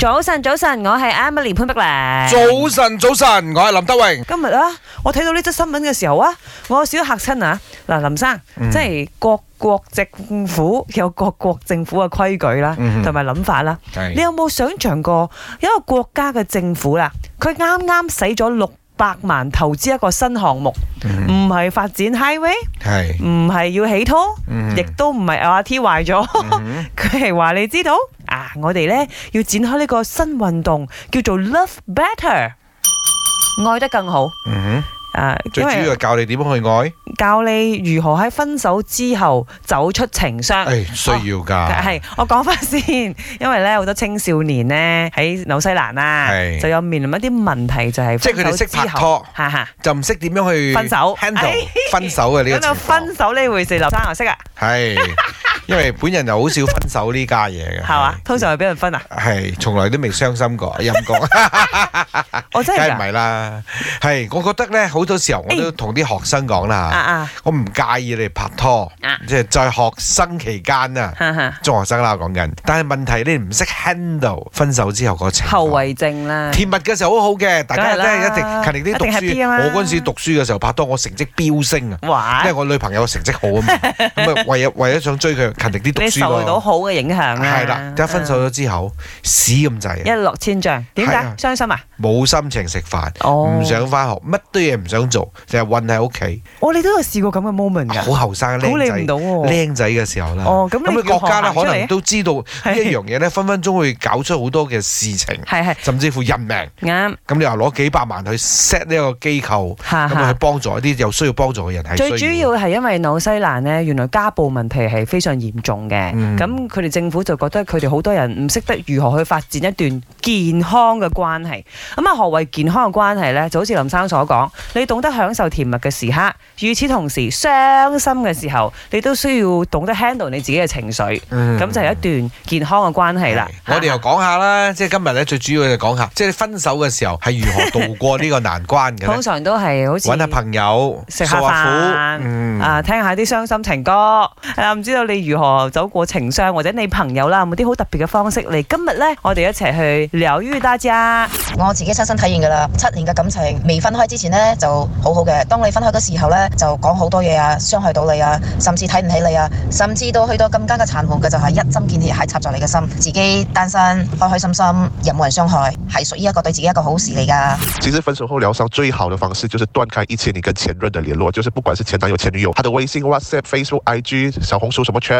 早晨，早晨，我係 Emily 潘碧玲。早晨，早晨，我係林德榮。今日啊，我睇到呢則新聞嘅時候啊，我有少少吓親啊！嗱，林生，嗯、即係各國政府有各國政府嘅規矩啦，同埋諗法啦。你有冇想象過，一個國家嘅政府啦，佢啱啱使咗六百萬投資一個新項目，唔係發展 highway，唔係要起拖，亦都唔係 RT 壞咗，佢係話你知道啊！我哋呢要展開呢個新運動，叫做 Love Better，愛得更好。 誒，最主要係教你點樣去愛，教你如何喺分手之後走出情傷。係需要噶係我講翻先，因為咧好多青少年咧喺紐西蘭啊，就有面臨一啲問題，就係即係佢哋識拍拖，吓吓就唔識點樣去分手 handle 分手嘅呢個。咁啊，分手呢回事，劉生我識啊，係。因為本人就好少分手呢家嘢嘅，係 通常係俾人分啊。係，從來都未傷心過， 陰公過。我、 哦、真係梗係唔係啦。係，我覺得咧好多時候我都同啲學生講啦、啊啊、我唔介意你哋拍拖，即、啊、係、就是、在學生期間啊、啊，中學生啦講緊。但係問題你唔識 handle 分手之後嗰情，後遺症啦。甜蜜嘅時候好好嘅，大家真係一定勤力啲讀書。啊、我嗰陣時讀書嘅時候拍拖，我成績飆升啊，因為我女朋友成績好啊嘛，咁 啊為咗為咗想追佢。勤力讀書你受到好嘅影響啦、啊，係啦，一分手咗之後，屎咁滯，一落千丈，點解、啊？傷心啊！冇心情食飯，唔、哦、想翻學，乜都嘢唔想做，成日混喺屋企。我、哦、哋都有試過咁嘅 moment 噶，好後生僆仔，僆仔嘅時候啦。咁、哦、嘅國家咧，可能都知道呢一樣嘢咧，分分鐘會搞出好多嘅事情是是，甚至乎人命。啱、嗯。咁你話攞幾百萬去 set 呢個機構，咁去幫助一啲有需要幫助嘅人係。最主要係因為紐西蘭呢，原來家暴問題係非常嚴嚴重嘅，咁佢哋政府就覺得佢哋好多人唔識得如何去發展一段健康嘅關係。咁啊，何謂健康嘅關係咧？就好似林生所講，你懂得享受甜蜜嘅時刻，與此同時，傷心嘅時候，你都需要懂得 handle 你自己嘅情緒。咁就係一段健康嘅關係啦。我哋又講下啦，即係今日咧，最主要就講下，即係分手嘅時候係如何度過呢個難關嘅。通常都係好似揾下朋友食下飯，啊，聽下啲傷心情歌。係啊，唔知道你如何？走過情傷或者你朋友啦，有冇啲好特別嘅方式嚟？你今日呢，我哋一齊去療癒大家。我自己親身，身體驗噶啦，七年嘅感情未分開之前呢，就好好嘅，當你分開嘅時候呢，就講好多嘢啊，傷害到你啊，甚至睇唔起你啊，甚至到去到更加嘅殘酷嘅就係，是，一針見血係插在你嘅心，自己單身開開心心又冇人傷害，係屬於一個對自己一個好事嚟噶。其實分手後療傷最好嘅方式就是斷開一切你跟前任嘅聯絡，就是不管是前男友、前女友，他的微信、WhatsApp、Facebook、IG、小紅書什麼 train,